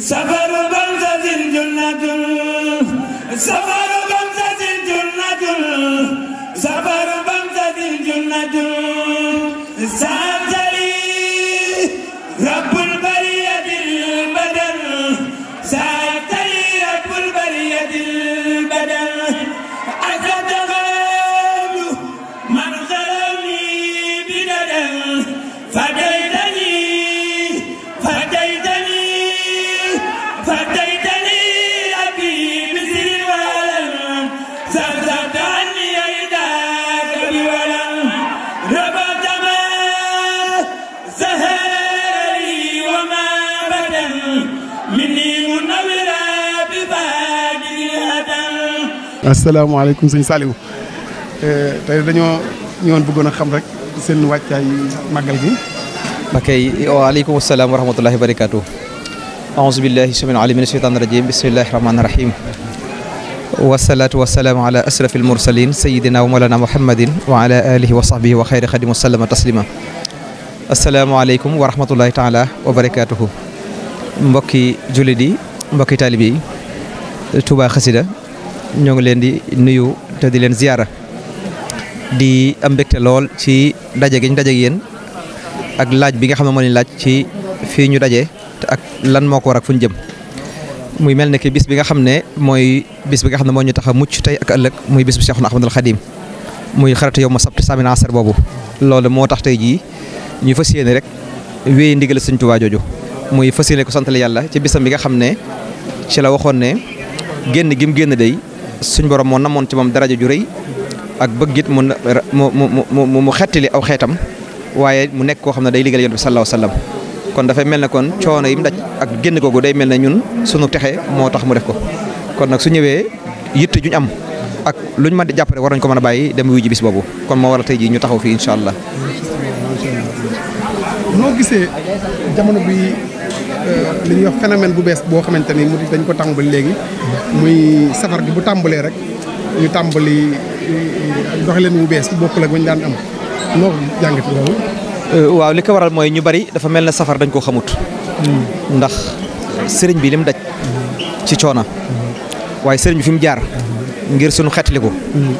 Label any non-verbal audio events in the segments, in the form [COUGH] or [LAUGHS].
سفر بمزة جنة سفر بمزة جنة سفر السلام عليكم سيدي ساليو تاي دانيو نيون بوغونا خام رك سين واتاي ماغال جي باكاي وعليكم السلام ورحمه الله وبركاته اعوذ بالله سميع العليم من الشيطان الرجيم بسم الله الرحمن الرحيم والصلاة والسلام على أسرف المرسلين سيدنا ومولانا محمد وعلى آله وصحبه وخير خدم وسلم تسليما السلام عليكم ورحمة الله تعالى وبركاته مبكي جلدي مبكي طالبي توبا خسيدة ñoo ngi leen di nuyu te di leen ziyaara di am mbégte lool ci daje giñ ñu daje yéen ak laaj bi nga xam ne moo laaj ci fii ñu daje te ak lan moo ko war fu ñu jëm. muy mel ne ki bis bi nga xam ne mooy bis bi nga xam ne moo ñu tax a mucc tey ak ëllëg muy bis bu Seexuna Ahmadul Xadim muy xaratu yow ma sabti samin asar boobu loolu moo tax tey jii ñu fas yéene rek wéy ndigal Sëñ Tuubaa jooju muy fas yéene ko santale yàlla ci bisam bi nga xam ne ci la waxoon ne génn gim génn day suñ borom moo namoon ci moom daraja ju rëy ak bëggit mu mu mu mu mu xettali aw xeetam waaye mu nekk koo xam ne day liggéeyal yonent bi sallallahu alayhi kon dafay mel ne kon coono yi mu daj ak génn googu day mel ne ñun sunu texe moo tax mu def ko kon nag su ñëwee yitte juñ am ak luñ mën di jàpp rek war nañ ko mën a bàyyi dem wuyu ji bis boobu kon moo waral tey jii ñu taxaw fii incha allah. noo li ñuy wax phénomène bu bees boo xamante ni mu dañ ko tàmbali léegi muy safar gi bu tàmbalee rek ñu tàmbali doxalin wu bees bokkul ak bañ daan am noo jàngat loolu euh, waaw li ko waral mooy ñu bari dafa mel na safar dañ koo xamut hmm. ndax sëriñ bi li daj ci coona waaye sëriñ bi fi mu jaar ngir suñu xetliku hmm.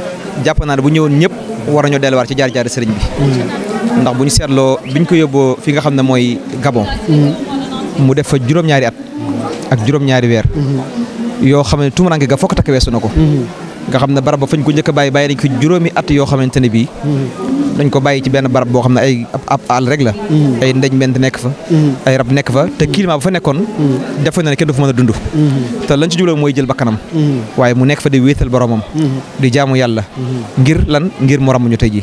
jàpp naa ne bu ñëwoon ñëpp war nañoo delluwaat ci jaar-jaari sëriñ bi hmm. ndax bu ñu seetloo biñ ko yóbboo fi nga xam ne mooy Gabon mu def fa juróom-ñaari at ak juróom-ñaari weer yoo xam ne tumuranke ga fokk takk weesu na ko nga xam ne barab ba fañ ko njëkk a bàyyi bàyyi nañ juróomi at yoo xamante ne bii dañ ko bàyyi ci benn barab boo xam ne ay ab àll rek la ay ndeñ mbent nekk fa ay rab nekk fa te climat ba fa nekkoon defoon na ne kenn du mën a dund te lañ ci jubloo mooy jël bakkanam waaye mu nekk fa di wéetal boromam di jaamu yàlla ngir lan ngir mu ramuñu tey ji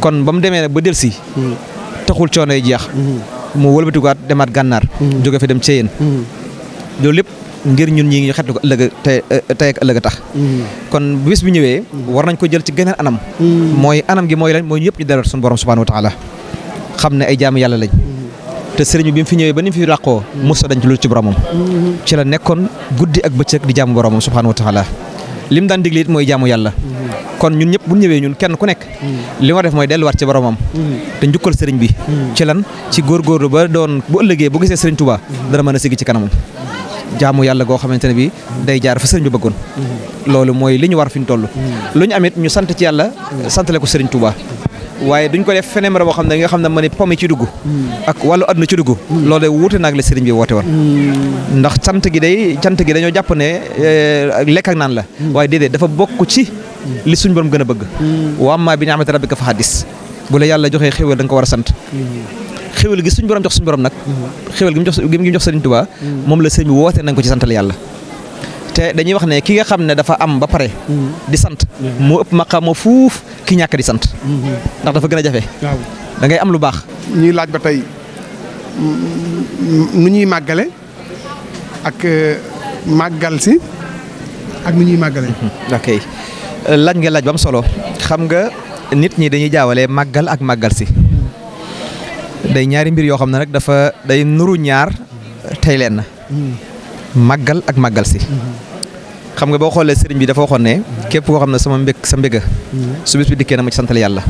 kon ba mu demee ba delsi taxul coono yi jeex mu wëlbatikuwaat demaat gànnaar. Mm-hmm. jóge fi dem Ceyeen. Mm-hmm. loolu lépp ngir ñun ñii ñu xetu ko ëllëg tey eh, a tax. Mm-hmm. kon bis bi ñëwee. war nañ ko jël ci geneen anam. mooy anam gi mooy lan mooy ñëpp ñu delluwaat suñu borom subhaanahu wa taala xam ne ay jaamu yàlla lañ. te sëriñ bi mu fi ñëwee ba ni mu fi ràqoo musta dañ ci lu ci boromam ci la nekkoon guddi ak bëccëg di jaamu boromam subhaanahu wa taala lim daan digle mooy jaamu yàlla kon ñun ñëpp bu ñëwee ñun kenn ku nekk mm. li ma def mooy delluwaat ci boromam mm. te njukkal sëriñ bi mm. ci lan ci góorgóorlu ba doon bu ëllëgee bu gisee sëriñ Touba dana mën a sigi ci kanamam jaamu yàlla goo xamante ne bi day jaar fa sëriñ bi bëggoon loolu mooy li ñu war fi ñu toll lu ñu amit ñu sant ci yàlla santale ko sëriñ Touba waaye duñ ko def feneen boo xam ne nga xam ne ma ne pomme ci dugg ak wàllu àdduna ci dugg mm. loolu de wuute naag la sëriñ bi woote woon mm. ndax cant gi day cant gi dañoo jàpp ne eh, lekk ak naan la mm. waaye déedéet dafa bokk ci li suñ borom gën a bëgg wammaa bi ni'mati rabbika fa haddis bu la yàlla joxee xéwal da nga ko war a sant xéwal gi suñ borom jox suñ borom nag xéwal gi mu jox gi mu jox sëriñ Tuubaa moom la sëriñ bi woote nañ ko ci santal yàlla te dañuy wax ne ki nga xam ne dafa am ba pare. di sant. moo ëpp maqaama fuuf ki ñàkk di sant. ndax dafa gën a jafe. waaw ngay am lu baax. ñuy laaj ba tey nu ñuy màggale ak euh, màggal si ak nu ñuy màggale. [LAUGHS] ok laaj nga laaj ba mu solo xam nga nit ñi dañuy jaawale màggal ak màggal si day ñaari mbir yoo xam ne rek dafa day nuru ñaar tey leen na. Hmm. màggal ak màggal si. xam nga boo xoolee sëriñ bi dafa waxoon ne. képp koo xam ne sama mbég sa mbéga. su bis bi dikkee na ma ci santal yàlla.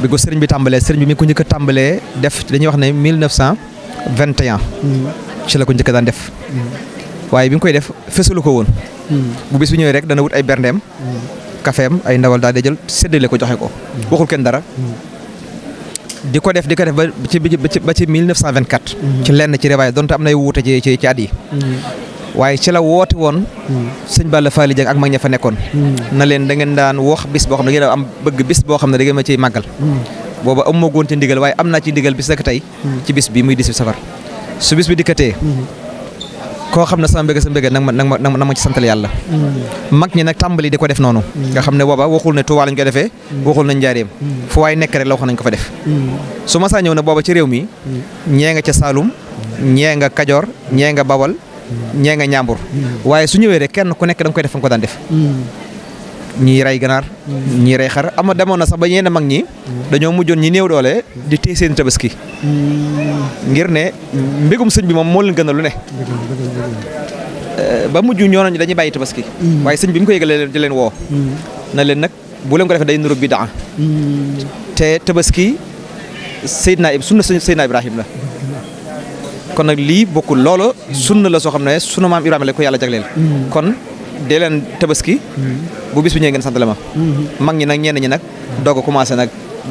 bi ko sëriñ bi tàmbalee sëriñ bi mi ko njëkk tàmbalee def dañuy wax ne 1921. ci la ko njëkk daan def. waaye bi mu koy def fësalu ko woon. bu bis bi ñëwee rek dana wut ay berndeem. kafeem ay ndawal daal di jël séddale ko joxe ko. waxul kenn dara. di ko def di ko def ba ci ba ci 1924. ci lenn ci rewaay donte am nay wuute ci at yi. waaye ci la woote woon. sëñ Balla Fally Dieng ak mag ña fa nekkoon. na leen da ngeen daan wax bis boo xam ne da ngeen am bëgg bis boo xam ne da ngeen ma ciy màggal. booba am ma ci ndigal waaye am naa ci ndigal bis rek tey. ci bis bi muy 18 safar su bis bi dikkatee. koo xam ne sama mbëgg sa mbëgg nag ma nag ma nag ma ci santal yàlla mm. mag ñi na tàmbali di ko def noonu mm. nga xam ne booba waxul ne Tuubaa lañ ko defee mm. waxul nañ njaareem fu waay nekk rek la waxoon nañ ko fa def su ma saa ñëw ne booba ci réew mi ñee nga ca Saalum ñee nga Kajoor ñee nga Bawal ñee nga Ñaambur waaye su ñëwee rek kenn ku nekk da nga koy def fa nga ko daan def ñii rey ganaar ñii rey xar ama demoon na sax ba ñeen mag ñi dañoo mujjoon ñi néew doole di téye seen tabaski ngir ne mbégum sëñ bi moom moo leen gën a lu ne eh, ba mujj ñoo nañu dañuy bàyyi tabaski waaye sëñ bi mu ko yëgalee di leen woo na leen nag bu leen ko defee day nuru bidaa te tabaski Seydina Ibrahima sunna Seydina Ibrahim la kon nag lii bokkul loolu sunna la soo xam ne sunu maam Ibrahima la ko yàlla jagleel kon dee leen tabaski. bu bis bi ñëwee ngeen santale ma. Mm-hmm. mag ñi nag ñenn ñi nag doog a nag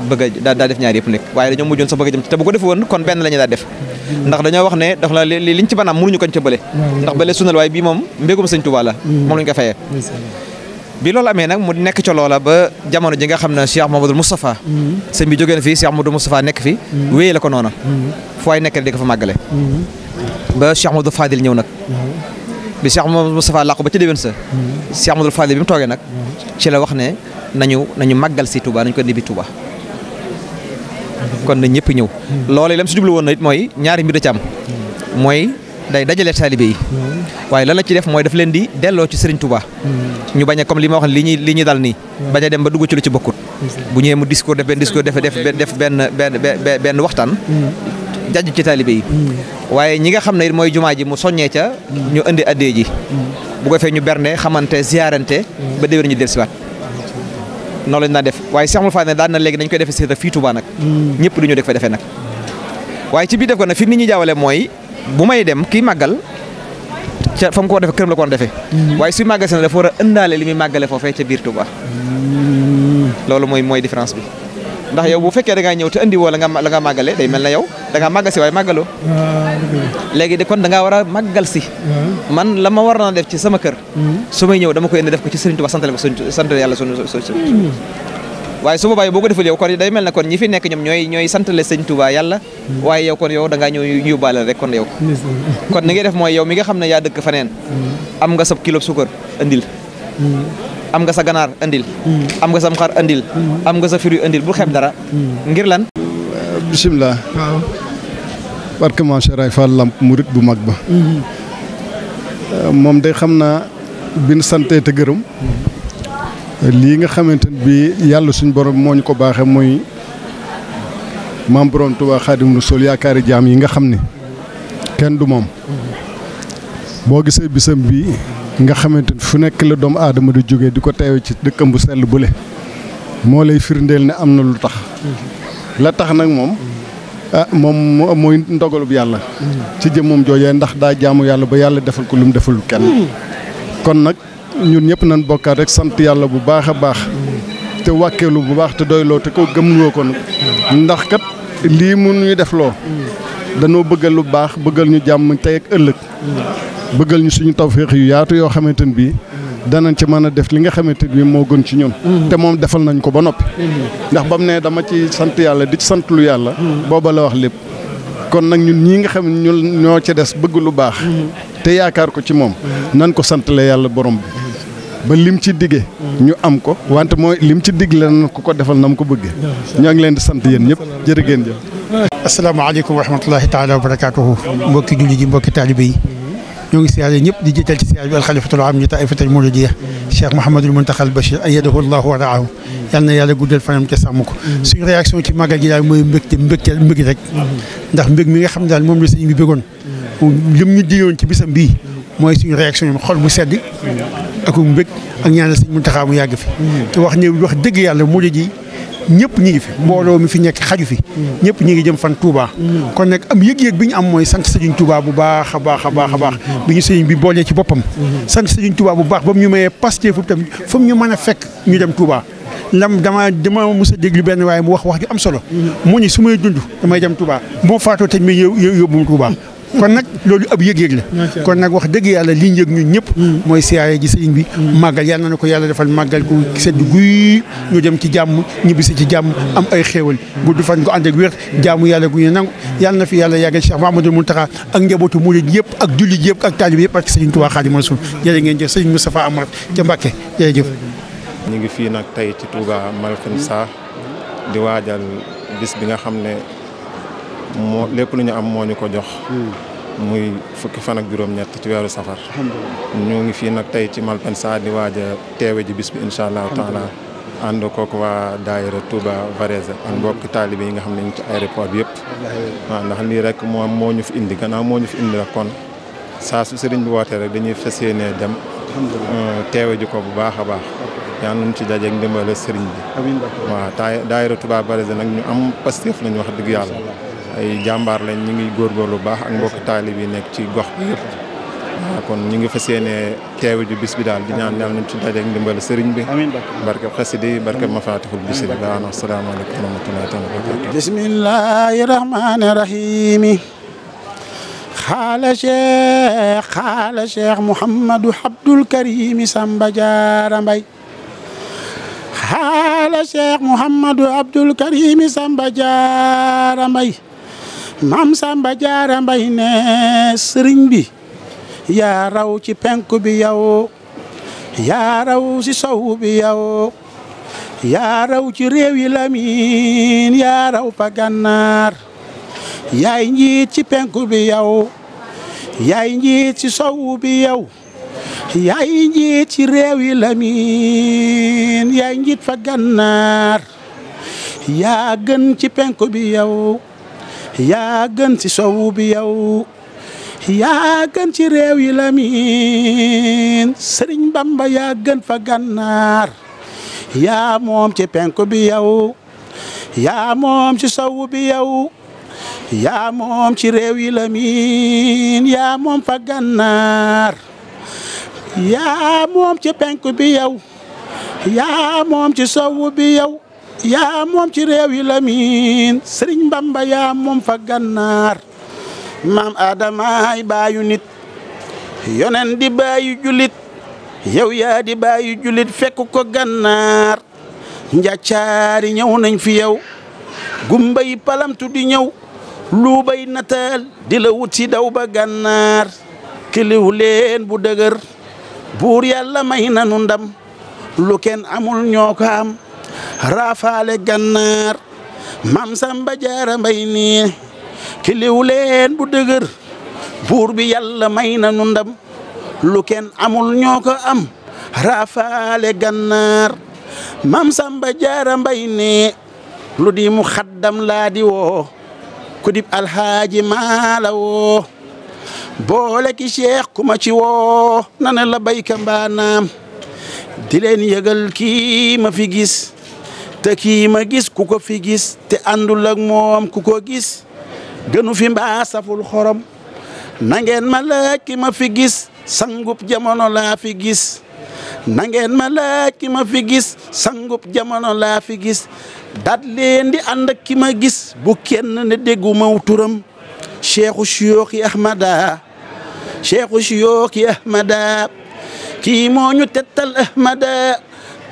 bëgg a daa def ñaar yëpp nekk waaye dañoo mujjoon sa bëgg a jëm te bu ko defee woon kon benn la ñu daa def. Mm-hmm. ndax dañoo wax ne dafa la li liñ ci banaam mënuñu ko ci bële. ndax bële sunal waaye bii moom mbégum sëñ Tuubaa la. Mm-hmm. moom lañ ko fayee. bi loolu amee nag mu nekk ca loola ba jamono ji nga xam ne Cheikh Mamadou a sëñ bi jógee na fii Cheikh Mamadou Moustapha nekk fi wéyee ko noona foo ay nekk di ko ba Cheikh Mamadou Fadil ñëw nag bi Cheikh Mouhamadou Moustapha làqu ba ci déwén sa hmm. Cheikh Mouhamadou Fadil bi toogee nag hmm. ci la wax ne nañu nañu màggal si Touba nañu ko indi bi Touba kon na ñëpp ñëw hmm. loolu lam si jublu woon na it mooy ñaari mbir da ci mooy day dajale taalibe yi waaye lan la ci def mooy daf leen di delloo ci Serigne Touba ñu bañ a comme li ma wax li ñuy li ñuy dal nii bañ a dem ba dugg ci lu ci bokkut bu ñëwee mu discours def benn discours def benn benn benn waxtaan jajj ci taalibe yi waaye ñi nga xam ne it mooy jumaa ji mu soñee ca ñu indi addee ji bu ko fee ñu bernde xamante ziarante ba déwér ñu dellusiwaat noonu lañu daan def waaye Cheikh Mouhamadou Fadel daan na léegi dañ koy defee seeta fii Touba nag ñëpp du ñu def fa defee nag waaye ci biir def ko nag fi nit ñi jaawale mooy bu may dem kii màggal ca fa mu ko war defee këram la ko war defee waaye suy màggal si na dafa war a ëndaale li muy màggale foofee ca biir Touba loolu mooy mooy différence bi ndax yow bu fekkee da ngaa ñëw te andi woo la nga la nga màggale day mel na yow da ngaa màggal si waaye màggaloo ah, léegi de kon da ngaa war a màggal si ah. man la ma war naa def ci sama kër hmm. su may ñëw dama koy indi def ko ci Sëriñ Tuubaa santale ko santale yàlla sunu hmm. waaye su boobaa boo ko deful yow kon day mel ne kon ñi fi nekk ñoom ñooy ñooy santale Sëriñ Tuubaa yàlla hmm. waaye yow kon yow da ngaa ñëw yóbbaale rek kon yow kon ni ngay def mooy yow mi nga xam ne yaa dëkk faneen am nga sab kilo suukar andil am nga sa ganaar andil hmm. am nga sam xar andil hmm. sa firi andil bu xeeb dara hmm. ngir lan bisimilah waaw barke maam Cheikh Fall Lamp murit bu mag ba euh, moom day xam naa bin sante te gërëm lii nga xamante ne bii yàlla suñ borom moo ñu ko baaxee muy maam borom Tuubaa Xaadimu yaakaari jaam yi nga xam ne kenn du moom boo gisee bisam bii nga xamante ni fu nekk la doomu aadama du jóge di ko teewe ci dëkkam bu sell bu le moo lay firndeel ne am na lu tax la tax nag moom a ah, moom mooy ndogalub yàlla ci jëmmam joojee ndax daa jaamu yàlla ba yàlla defal ko lu mu defalul kenn kon nag ñun ñëpp nañ bokkaat rek sant yàlla bu baax a baax te wàkkeelu bu baax te doyloo te ko gëmloo ko nag ndax kat lii mu ñuy def loo danoo bëggal lu baax bëggal ñu jàmm tey ak ëllëg bëggal ñu suñu taw tawféex yu yaatu yoo xamante ni bii danañ ci mën a def li nga xamante ni moo gën ci ñun. Mhm. te moom defal nañ ko ba noppi. Mhm. ndax ba mu ne dama ci sant yàlla di sant lu yàlla. Mhm. booba wax lépp. kon nag ñun ñi nga xam ne ñoo ci des bëgg lu baax. te yaakaar ko ci moom. nan ko sant la yàlla borom bi. ba lim ci digge ñu am ko wante mooy lim ci digg la ku ko ko defal na mu ko bëggee. ñoo ngi leen di sant yéen ñëpp jërë ngeen jëf. asalaamaaleykum wa rahmatullahi taala wa ñoo ngi siyaare ñëpp di jiital ci siyaare bi alxalifatul am ñu taifatul muridiya Cheikh Mouhamadul Muntaxal Bachir ayadahu allahu wa raahu yal na yàlla guddal fanam te sàmm ko réaction ci màggal gi daal mooy mbégte mbégte mbég rek ndax mbég mi nga xam daal moom la sëñ bi bëggoon lim ñu diyoon ci bisam bii mooy suñu réaction yi xol bu sedd ak mbég ak ñaanal sëñ Muntaxa mu yàgg fi te wax ne wax dëgg yàlla murid yi ñépp ñi ngi fi mbooloo mi fi nekk xaju fi ñëpp ñi ngi jëm fan tuuba kon nekk am yëg-yëg bi ñu am mooy sant sëriñ Touba bu baax a baax a baax a baax bi ñu sëriñ bi boolee ci boppam sant sëriñ Touba bu baax ba mu ñu mayee pasté fu tam fu mu ñu mën a fekk ñu dem Touba lam dama dama mos a déglu benn waaye mu wax wax ju am solo mu ni su may dund damay dem Touba moo faatoo tañ may yóbbu mu Touba kon nag loolu ab yëg-yëg la kon nag wax dëgg yàlla li ñu yëg ñun ñëpp hmm. mooy siyaare ji sëriñ bi hmm. màggal yàlla na ko yàlla defal màggal ku sedd guy ñu dem ci jàmm ñibbisi ci jàmm am ay xéewal gudd fan gu ànd ak wér jaamu yàlla gu ñu nangu yàlla na fi yàlla yàggal a Mahamadou Mountakha ak njabootu murid yëpp ak jullit yëpp ak taalib yëpp ak sëriñ Tuubaa Xaadimu Rasuul jërë ngeen jëf sëriñ Moustapha Amar ca Mbàkke jërëjëf ñu ngi fii nag tey ci Touba Malken Sarr di waajal bi nga xam ne moo lépp lu ñu am moo ñu ko jox. Hmm. muy fukki fan ak juróom-ñett ci weeru safar. ñu ngi fii nag tey ci Malpensa di waaj a teewe ji bis bi incha allah taala. ànd kook waa daayira Touba Varese ak mbokk taalibe yi nga xam ne ñu ci aéroport bi yëpp. waaw ndax lii rek moom moo ñu fi indi gannaaw moo ñu fi indi rek kon saa su sëriñ bi wootee rek dañuy fas ne dem. Hmm, teewe ji ko bu baax a baax. yaa ngi ci dajeeg ndimbala sëriñ bi. amiin waaw daayira Touba Varese nag ñu am pastef lañu wax dëgg yàlla. ay jàmbaar lañ ñu ngi góorgóorlu bu baax ak mbokk taalib yi nekk ci gox bi kon ñu ngi fas yéene teewe ju bis bi daal di ñaan ñaan ñu ci dajeeg ndimbal sëriñ bi. amiin barke xasidi barke mafatihul bisri bi waaw asalaamaaleykum wa rahmatullahi taala wa barakatu. bismillahi rahmaani xaala cheikh xaala cheikh Mouhamadou Samba Diarra Mbaye. maam Samba Jaara Mbay ne bi yaa raw ci penku bi yow yaa raw ci sow bi yow yaa raw ci réew yi Lamin yaa raw pa gànnaar yaay njiit ci penku bi yow yaay njiit ci sow bi yow yaay njiit ci réew yi Lamin yaay njiit fa gànnaar yaa gën ci penku bi yow yaa gën ci sowu bi yow yaa gën ci réew yi Lamin Sëriñ Bamba yaa gën fa gànnaar yaa moom ci penku bi yow yaa moom ci sowu bi yow yaa moom ci réew yi Lamin yaa moom fa gànnaar yaa moom ci penku bi yow yaa moom ci sowu bi yow yaa moom ci réew yi lamiin sëriñ Bamba yaa moom fa gànnaar maam Adamaay baayu nit yonen di baayu julit yow yaa di baayu julit fekk ko gànnaar njàccaari ñëw nañ fi yow gumbay palamtu di ñëw luubay nataal di la wuti daw ba gànnaar kiliw leen bu dëgër buur yàlla may nanu ndam lu kenn amul ñoo ko am raafaale gannaar mam samba jaara mbay kiliw leen bu dëgër buur bi yàlla may na nu lu kenn amul ñoo ko am raafaale gannaar mam samba jaara mbay lu di mu xaddam laa di woo ku dib alxaaji maala woo boole ki cheikh ku ma ci woo na ne la bayka mbaanaam di leen yëgal kii ma fi gis te kii ma gis ku ko fi gis te àndul ak moom ku ko gis gënu fi mbaa saful xorom na ngeen ma laaj ki ma fi gis sangub jamono laa fi gis nangeen ngeen ma laaj ki ma fi gis sangub jamono laa fi gis dat leen di ànd ak ki ma gis bu kenn ne déggu maw turam cheikhu siyooki ahmada cheikhu siyooki ahmada kii tettal ahmada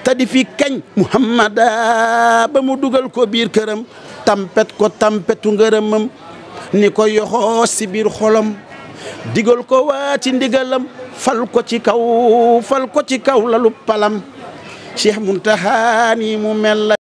te di fi kañ muhammada ah, ba mu dugal ko biir këram tampet ko tampetu ngërëmam ni ko yoxoo si biir xolam digal ko waa ci ndigalam fal ko ci kaw fal ko ci kaw lalu palam cheikh muntaha ni mu mel